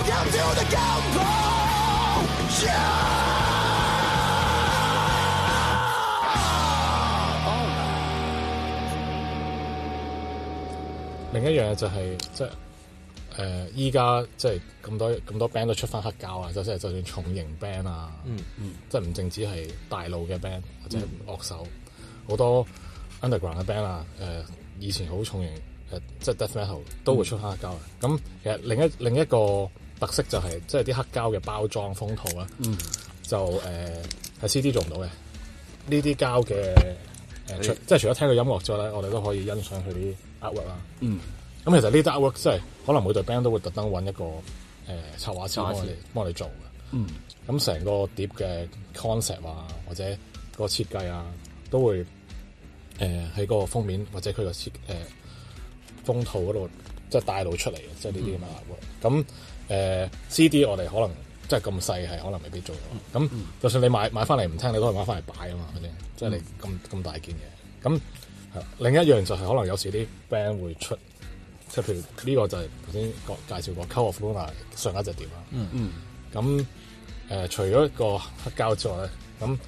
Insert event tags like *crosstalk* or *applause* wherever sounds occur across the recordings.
Oh、另一樣嘢就係、是、即係誒，依、呃、家即係咁多咁多 band 都出翻黑膠啊。即係就算重型 band 啊，mm hmm. 即係唔淨止係大陸嘅 band 或者樂手，好、mm hmm. 多 underground 嘅 band 啊，誒、呃，以前好重型誒，即係 Death Metal 都會出翻黑膠啊。咁、mm hmm. 其實另一另一個特色就係、是、即係啲黑膠嘅包裝封套啦，嗯、就誒係、呃、CD 做唔到嘅。呢啲膠嘅誒、呃你，即係除咗聽個音樂之外咧，我哋都可以欣賞佢啲 artwork 啦。嗯，咁其實呢啲 artwork 即係可能每隊 band 都會特登揾一個誒插、呃、畫師嚟幫你做嘅。嗯，咁成個碟嘅 concept 啊，或者個設計啊，都會誒喺、呃、個封面或者佢個設誒封、呃、套嗰度。即係帶路出嚟嘅，即係呢啲咁嘅咁 CD 我哋可能即係咁細，係、就是、可能未必做。咁、mm hmm. 就算你買返翻嚟唔聽，你都可以買翻嚟擺啊嘛。即係咁咁大件嘢。咁另一樣就係可能有時啲 band 會出，即、就、係、是、譬如呢個就係頭先介紹過 Cult of Luna 上一隻碟啦。嗯嗯、mm。咁、hmm. 呃、除咗一個黑膠之外咧，咁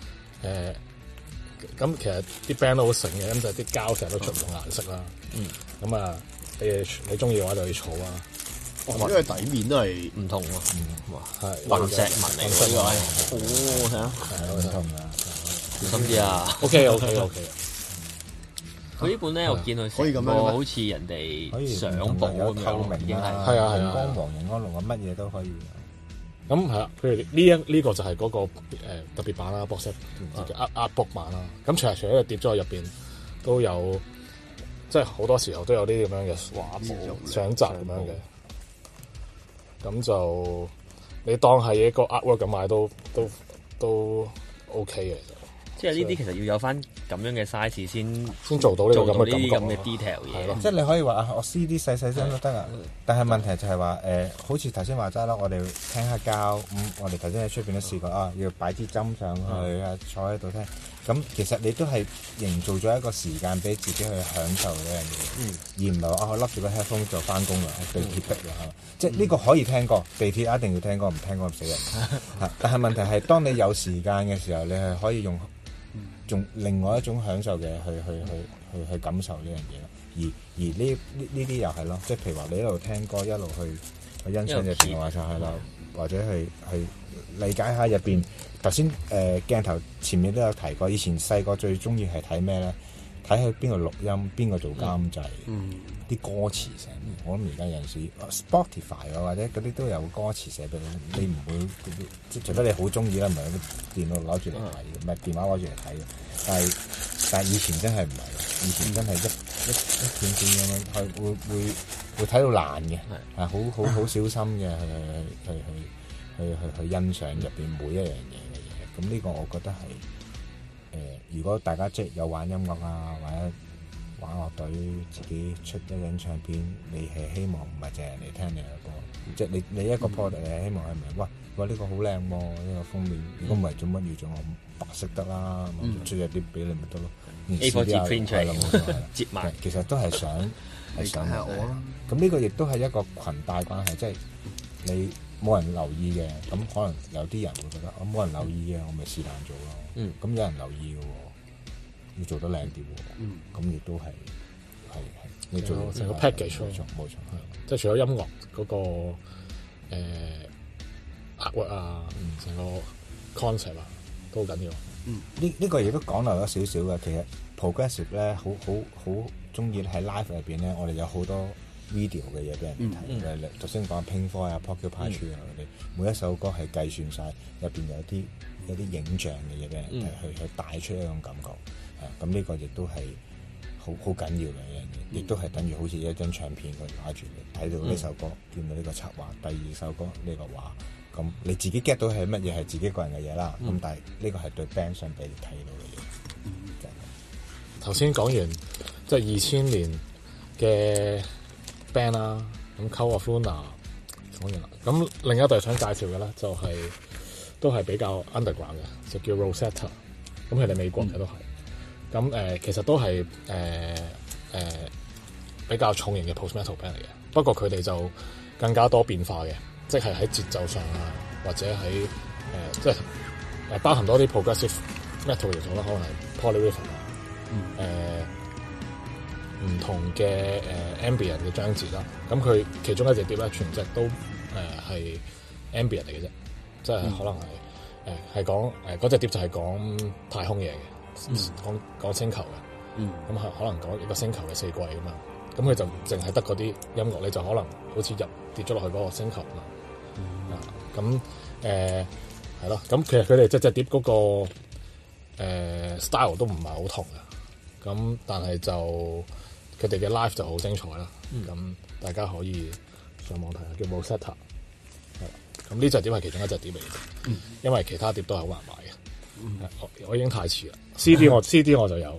咁、呃、其實啲 band 都好醒嘅，咁就啲膠成日都出唔同顏色啦。嗯、mm。咁、hmm. 啊～、呃你中意嘅話就去儲啊！因為底面都係唔同啊，嗯，哇，係雲石紋嚟嘅呢個，哦，睇下，係唔同噶，好啲啊！O K O K O K 佢呢本咧，我見佢成個好似人哋上報咁樣，透明嘅係啊係啊，光芒迎安龍啊，乜嘢都可以。咁係啦，譬如呢一呢個就係嗰個誒特別版啦，box 啊啊 box 版啦。咁除除咗個碟裝入邊都有。即係好多時候都有啲咁樣嘅畫布、選擇咁樣嘅，咁就你當係一個 Upwork 咁買都都都 OK 嘅。即係呢啲其實要有翻咁樣嘅 size 先先做到呢個咁嘅 detail 嘢。即係你可以話啊，我撕啲細細聲都得啊。但係問題就係話誒，好似頭先話齋咯，我哋聽下膠咁，我哋頭先喺出邊都試過啊，要擺支針上去啊，嗯、坐喺度聽。咁其實你都係營造咗一個時間俾自己去享受呢樣嘢，嗯、而唔係話我笠住個 headphone 就翻工啦，地、嗯、鐵逼啦、嗯、即係呢個可以聽歌，地鐵一定要聽歌，唔聽歌唔死人。嗯、但係問題係， *laughs* 當你有時間嘅時候，你係可以用，用另外一種享受嘅去、嗯、去去去去、去感受呢樣嘢咯。而而呢呢呢啲又係咯，即係譬如話你一路聽歌一路去。我欣賞入嘅話就係啦，或者係去，去理解下入面。頭先誒鏡頭前面都有提過，以前細個最中意係睇咩咧？睇下邊個錄音，邊個做監製，啲、嗯、歌詞寫。我諗而家有時啊 Spotify 啊，或者嗰啲都有歌詞寫俾你，你唔會即係、嗯、除非你好中意啦，唔係電腦攞住嚟睇，唔係電話攞住嚟睇嘅。但係但以前真係唔係，以前真係一。嗯一一片片咁樣，佢會會會睇到爛嘅，係好好好小心嘅去去去去去去欣賞入邊每一樣嘢嘅嘢。咁呢個我覺得係，誒、呃，如果大家即係有玩音樂啊，或者玩樂隊自己出一張唱片，你係希望唔係淨係你聽你嘅歌？即係你你一個 port 希望係咪？哇喂，呢個好靚喎，呢個封面。如果唔係做乜要做白色得啦，出一啲俾你咪得咯。A4 紙 print 咯，折埋，其實都係想係想。咁呢個亦都係一個裙帶關係，即係你冇人留意嘅，咁可能有啲人會覺得我冇人留意嘅，我咪是但做咯。嗯，咁有人留意嘅，要做得靚啲。嗯，咁亦都係。係，你做成個 package 冇錯，冇錯係，即係除咗音樂嗰個誒 artwork 啊，嗯，成個 concept 啊，都好緊要。嗯，呢呢個亦都講漏咗少少嘅。其實 progressive 咧，好好好中意喺 live 入邊咧，我哋有好多 video 嘅嘢俾人睇嘅。頭先講 Pink Floyd 啊 Porcupine Tree 啊嗰啲，每一首歌係計算晒，入邊有啲有啲影像嘅嘢俾人去去帶出一種感覺。咁呢個亦都係。好好緊要嘅一樣嘢，亦都係等於好似一張唱片佢擺住你睇、嗯、到呢首歌，見到呢個插畫，第二首歌呢、這個畫，咁你自己 get 到係乜嘢係自己個人嘅嘢啦。咁、嗯、但係呢個係對 band 想俾你睇到嘅嘢。頭先講完即係二千年嘅 band 啦，咁 Cult of Luna 講完啦，咁另一對想介紹嘅咧就係、是、都係比較 underground 嘅，就叫 Rosetta。咁佢哋美國嘅都係。嗯咁誒、呃、其實都係誒誒比較重型嘅 post metal band 嚟嘅，不過佢哋就更加多變化嘅，即係喺節奏上啊，或者喺誒、呃、即係誒包含多啲 progressive metal 元素啦，可能係 polyrhythm，誒唔同嘅誒、呃、ambient 嘅章節啦。咁佢其中一隻碟咧，全隻都誒係、呃、ambient 嚟嘅啫，即係可能係誒係講誒嗰隻碟就係講太空嘢嘅。講講、嗯、星球嘅，咁、可、嗯、可能講一個星球嘅四季噶嘛，咁佢就淨係得嗰啲音樂，你就可能好似入跌咗落去嗰個星球啦。咁誒係咯，咁、呃、其實佢哋只隻碟嗰、那個誒、呃、style 都唔係好同嘅，咁但係就佢哋嘅 life 就好精彩啦。咁、嗯、大家可以上網睇下叫 Rosetta，咁呢隻碟係其中一隻碟嚟嘅，嗯、因為其他碟都係好難買嘅。Mm hmm. 我已經太遲啦，CD 我 *laughs* CD 我就有，係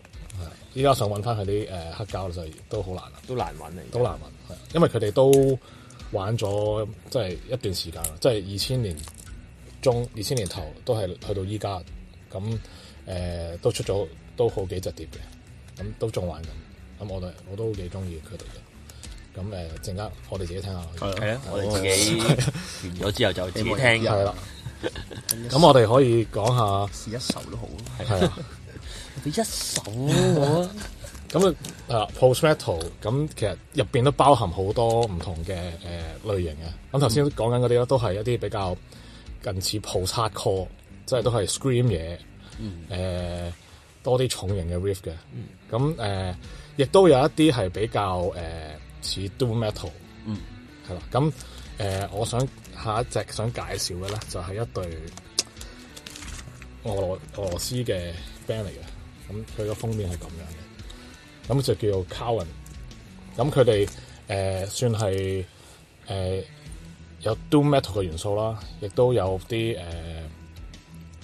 依家想揾翻佢啲誒黑膠就都好難啦，都難揾，都難揾，係因為佢哋都玩咗即係一段時間啦，即係二千年中二千年頭都係去到依家，咁誒、呃、都出咗都好幾隻碟嘅，咁都仲玩緊，咁我哋我都幾中意佢哋嘅，咁誒陣間我哋自己聽下，係啦，我哋自己 *laughs* 完咗之後就自己聽，係啦。 *laughs* 咁 *laughs* 我哋可以講下試一首都好咯，係啊，俾 *laughs* 一首咯。咁啊，啊 post、 *laughs* uh, metal，咁其實入邊都包含好多唔同嘅誒、呃、類型嘅。咁頭先講緊嗰啲咧，都係一啲比較近似 post hardcore，即係都係 scream 嘢，誒、mm hmm. 呃、多啲重型嘅 riff 嘅，嗯、mm，咁、hmm. 誒、uh, 亦都有一啲係比較誒、uh, 似 doom metal，嗯、mm，係、hmm. 啦、啊，咁誒、uh, 我想。下一隻想介紹嘅咧，就係一隊俄羅俄羅斯嘅 band 嚟嘅。咁佢個封面係咁樣嘅，咁就叫做 Kauan。咁佢哋誒算係誒、呃、有 Doom Metal 嘅元素啦，亦都有啲誒誒、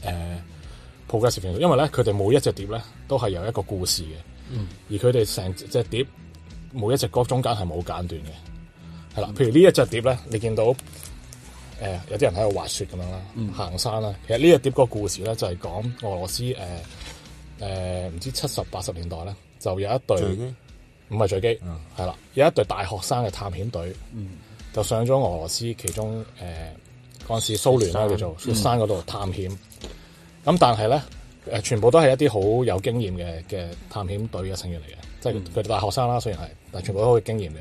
呃呃、progressive 元素。因為咧，佢哋每一隻碟咧都係有一個故事嘅，嗯、而佢哋成隻碟每一隻歌中間係冇間斷嘅，係啦。譬如呢一隻碟咧，你見到。誒、呃，有啲人喺度滑雪咁樣啦，嗯、行山啦。其實呢一碟個故事咧，就係、是、講俄羅斯誒誒，唔、呃呃、知七十八十年代咧，就有一隊唔係墜機，係啦機、嗯，有一隊大學生嘅探險隊，嗯、就上咗俄羅斯其中誒嗰陣時蘇聯啦叫做雪山嗰度探險。咁、嗯、但係咧，誒、呃、全部都係一啲好有經驗嘅嘅探險隊嘅成員嚟嘅，即係佢哋大學生啦，雖然係，但係全部都好有經驗嘅。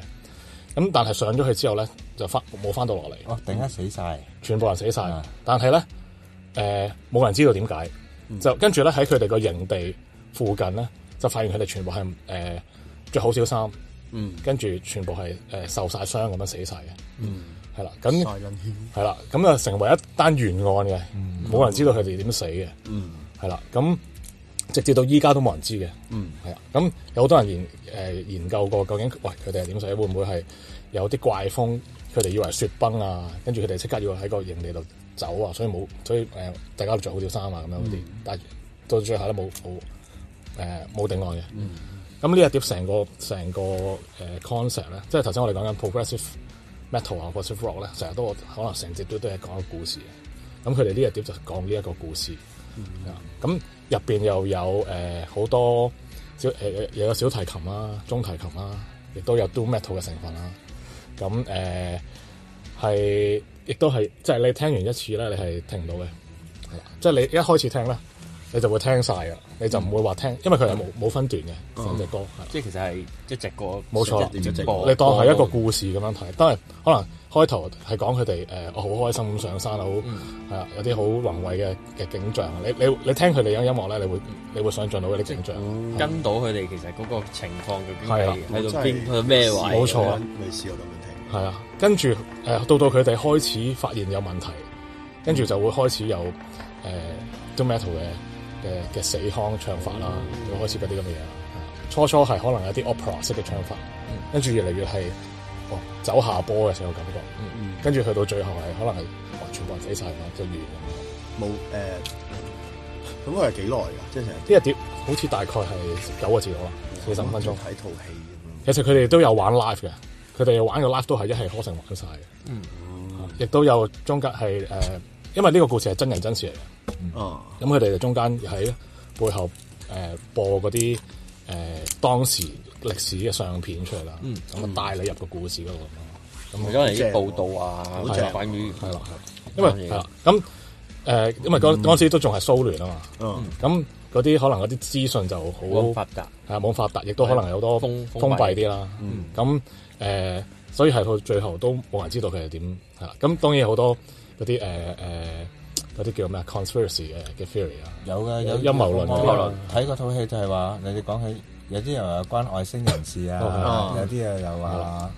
咁但係上咗去之後咧，就翻冇翻到落嚟。哦、啊，突然間死晒，全部人死晒。嗯、但係咧，誒、呃、冇人知道點解，嗯、就跟住咧喺佢哋個營地附近咧，就發現佢哋全部係誒着好少衫，嗯，跟住全部係誒、呃、受晒傷咁樣死晒嘅，嗯，係啦，咁係啦，咁啊成為一單懸案嘅，冇、嗯、人知道佢哋點死嘅，嗯，係啦，咁。直至到依家都冇人知嘅，嗯，係啊，咁有好多人研、呃，研究過究竟，喂，佢哋係點死？會唔會係有啲怪風？佢哋以為雪崩啊，跟住佢哋即刻要喺個營地度走啊，所以冇，所以、呃、大家着好少衫啊，咁樣嗰啲，嗯、但到最後都冇冇冇定案嘅。咁呢、嗯、一碟成個成個、呃、concept 咧，即係頭先我哋講緊 progressive metal 啊，progressive rock 咧，成日都可能成隻都都係講個故事嘅。咁佢哋呢一碟就講呢一個故事。嗯，咁入邊又有誒好、呃、多小誒誒，又、呃、有小提琴啦、啊、中提琴啦、啊，亦都有 Doom Metal 嘅成分啦、啊。咁誒係，亦、呃、都係即係你聽完一次咧，你係聽唔到嘅，係啦、嗯，即係、嗯、你一開始聽咧。你就會聽晒㗎！你就唔會話聽，因為佢係冇冇分段嘅，成隻歌即係其實係一隻歌，冇錯，一隻歌。你當係一個故事咁樣睇。當然，可能開頭係講佢哋我好開心咁上山，好係啊，有啲好宏偉嘅嘅景象。你你你聽佢哋有音樂咧，你會你會想像到嗰啲景象，跟到佢哋其實嗰個情況嘅邊係喺度邊咩位？冇錯，未試過咁樣聽。係啊，跟住誒到到佢哋開始發現有問題，跟住就會開始有誒 doom metal 嘅。嘅嘅死腔唱法啦，會開始嗰啲咁嘅嘢。Hmm. Mm hmm. 初初係可能有啲 opera 式嘅唱法，跟住、mm hmm. 越嚟越係，哇、哦，走下坡嘅成個感覺。跟住去到最後係可能係、哦，全部人死曬啦，即係完冇誒，咁佢係幾耐㗎？即係成一碟，好似大概係九個字度啦，四十五分鐘。睇套戲、嗯、其實佢哋都有玩 live 嘅，佢哋玩嘅 live 都係一氣呵成玩，玩咗曬嘅，hmm. 嗯，亦都有中間係誒。呃因為呢個故事係真人真事嚟嘅，咁佢哋就中間喺背後誒播嗰啲誒當時歷史嘅相片出嚟啦，咁啊帶你入個故事嗰度咁。咁因為啲報道啊，好似係關於係啦係，因為係啦咁誒，因為嗰時都仲係蘇聯啊嘛，咁嗰啲可能嗰啲資訊就好發達，係冇發達，亦都可能有好多封閉啲啦。咁誒，所以係到最後都冇人知道佢係點。係啦，咁當然好多。嗰啲誒誒嗰啲叫咩 conspiracy 嘅嘅 theory 啊，有嘅有陰謀論。睇嗰套戲就係話，你哋講起有啲人話關外星人士啊，有啲啊又話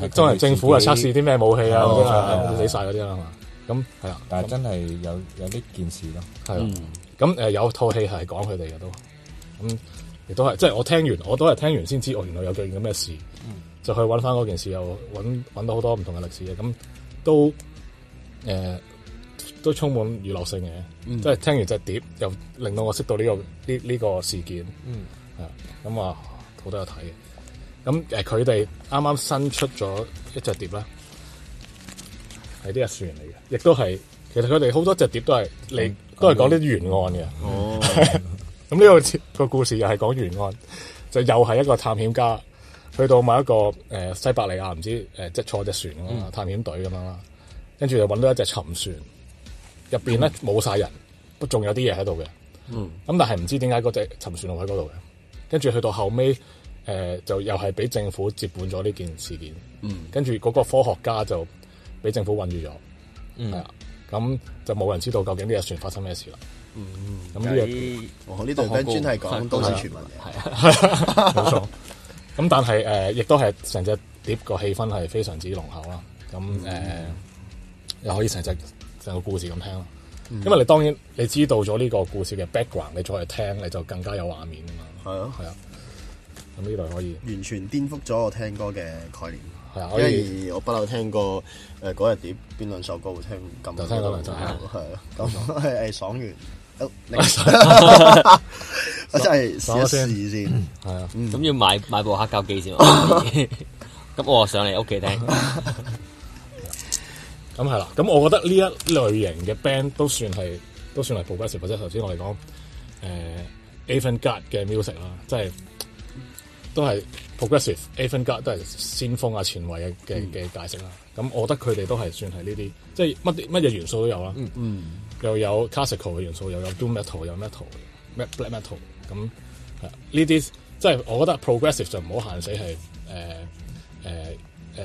誒，中央政府又測試啲咩武器啊，咁啊死晒嗰啲啦嘛。咁係啊，但係真係有有啲件事咯，係咁誒有套戲係講佢哋嘅都，咁亦都係，即係我聽完我都係聽完先知，我原來有件咁咩事，就去揾翻嗰件事，又揾到好多唔同嘅歷史嘅，咁都。誒、呃，都充滿娛樂性嘅，嗯、即係聽完隻碟又令到我識到呢、這個呢呢、這個這個事件。嗯，啊，咁啊，好多有睇嘅。咁、呃、誒，佢哋啱啱新出咗一隻碟啦，係呢隻船嚟嘅，亦都係其實佢哋好多隻碟都係嚟，嗯、都係講啲懸案嘅。嗯、 *laughs* 哦，咁呢個個故事又係講懸案，就又係一個探險家去到某一個誒、呃、西伯利亞，唔知誒即係坐隻船啊探險隊咁樣啦。嗯跟住就揾到一隻沉船，入邊咧冇晒人，都仲有啲嘢喺度嘅。嗯，咁但係唔知點解嗰隻沉船落喺嗰度嘅。跟住去到後尾，誒，就又係俾政府接管咗呢件事件。嗯，跟住嗰個科學家就俾政府困住咗。嗯，係啊，咁就冇人知道究竟呢隻船發生咩事啦。嗯，咁呢，度想專係講都市傳聞嘅，係啊，冇錯。咁但係誒，亦都係成隻碟個氣氛係非常之濃厚啦。咁誒。又可以成隻成個故事咁聽咯，因為你當然你知道咗呢個故事嘅 background，你再嚟聽，你就更加有畫面啊嘛。係啊，係啊，咁呢類可以完全顛覆咗我聽歌嘅概念。係啊，我不嬲聽歌誒，嗰日碟邊兩首歌好聽咁就係啊，咁樣係係爽完，我真係試一試先。係啊，咁要買買部黑膠機先。咁我上嚟屋企聽。咁係啦，咁我覺得呢一類型嘅 band 都算係都算係 progressive。或者頭先我哋講誒 avant-garde 嘅 music 啦，即係都係 progressive，avant-garde 都係先鋒啊、前衛嘅嘅嘅解釋啦。咁我覺得佢哋都係算係呢啲，即係乜啲乜嘢元素都有啦。嗯嗯，又有 classical 嘅元素，又有 doom metal，有 metal，咩 black metal。咁係呢啲，即係我覺得 progressive 就唔好限死係誒誒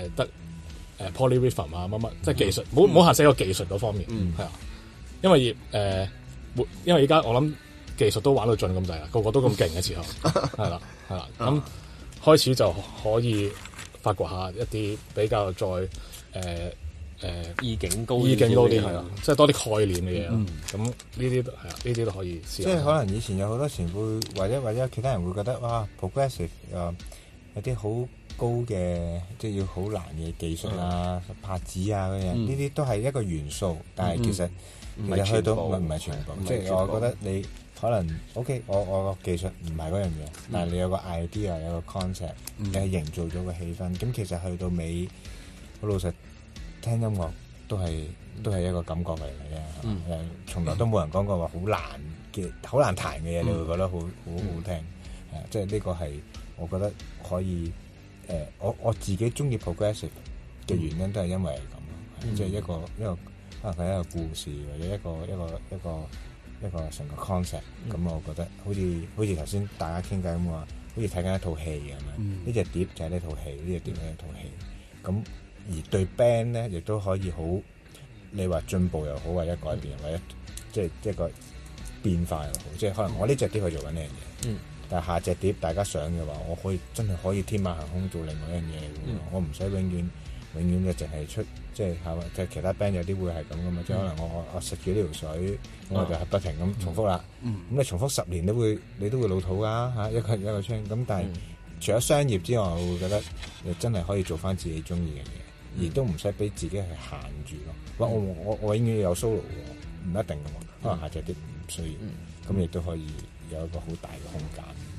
誒得。誒 polyrhythm 啊，乜乜，即係技術，唔好唔好行死個技術嗰方面，嗯，係啊因、呃，因為業因為依家我諗技術都玩到盡咁滯啦，個個都咁勁嘅時候，係啦、 *laughs* 啊，係啦、啊，咁、啊嗯嗯、開始就可以發掘一下一啲比較再誒誒、呃呃、意境高意境高啲，係啊，即係多啲概念嘅嘢咁呢啲係啊，呢啲都可以試下，即係可能以前有好多前輩或者或者其他人會覺得哇，progressive 啊、呃，有啲好。高嘅即係要好難嘅技術啊、拍子啊嗰啲呢啲都係一個元素，但係其實你去到唔係全部，即係我覺得你可能 OK，我我個技術唔係嗰樣嘢，但係你有個 idea、有個 concept，你係營造咗個氣氛。咁其實去到尾，好老實，聽音樂都係都係一個感覺嚟嘅。從來都冇人講過話好難嘅、好難彈嘅嘢，你會覺得好好好聽。即係呢個係我覺得可以。誒、呃，我我自己中意 progressive 嘅原因都係因為咁，即係、嗯、一個一個可能係一個故事，或者一個一個一個一個成個、個 concept、嗯。咁我覺得好似好似頭先大家傾偈咁話，好似睇緊一套戲咁樣，呢隻、嗯、碟就係呢套戲，呢隻碟係一套戲。咁、嗯、而對 band 咧，亦都可以好，你話進步又好，或者改變、嗯、或者，或者即係即係個變化又好，嗯、即係可能我呢隻碟係做緊呢樣嘢。嗯下隻碟大家想嘅話，我可以真係可以天馬行空做另外一樣嘢，嗯、我唔使永遠永遠就淨係出，即係係即係其他 band 有啲會係咁噶嘛？即係可能我我食住呢條水，咁、啊、我就不停咁重複啦。咁、嗯嗯、你重複十年都會你都會老土噶嚇一一個圈咁但係、嗯、除咗商業之外，我會覺得你真係可以做翻自己中意嘅嘢，而都唔使俾自己係限住咯。我我我永遠有 solo 喎，唔一定噶嘛。嗯、可能下隻碟唔需要，咁亦都可以。有一個好大嘅空間。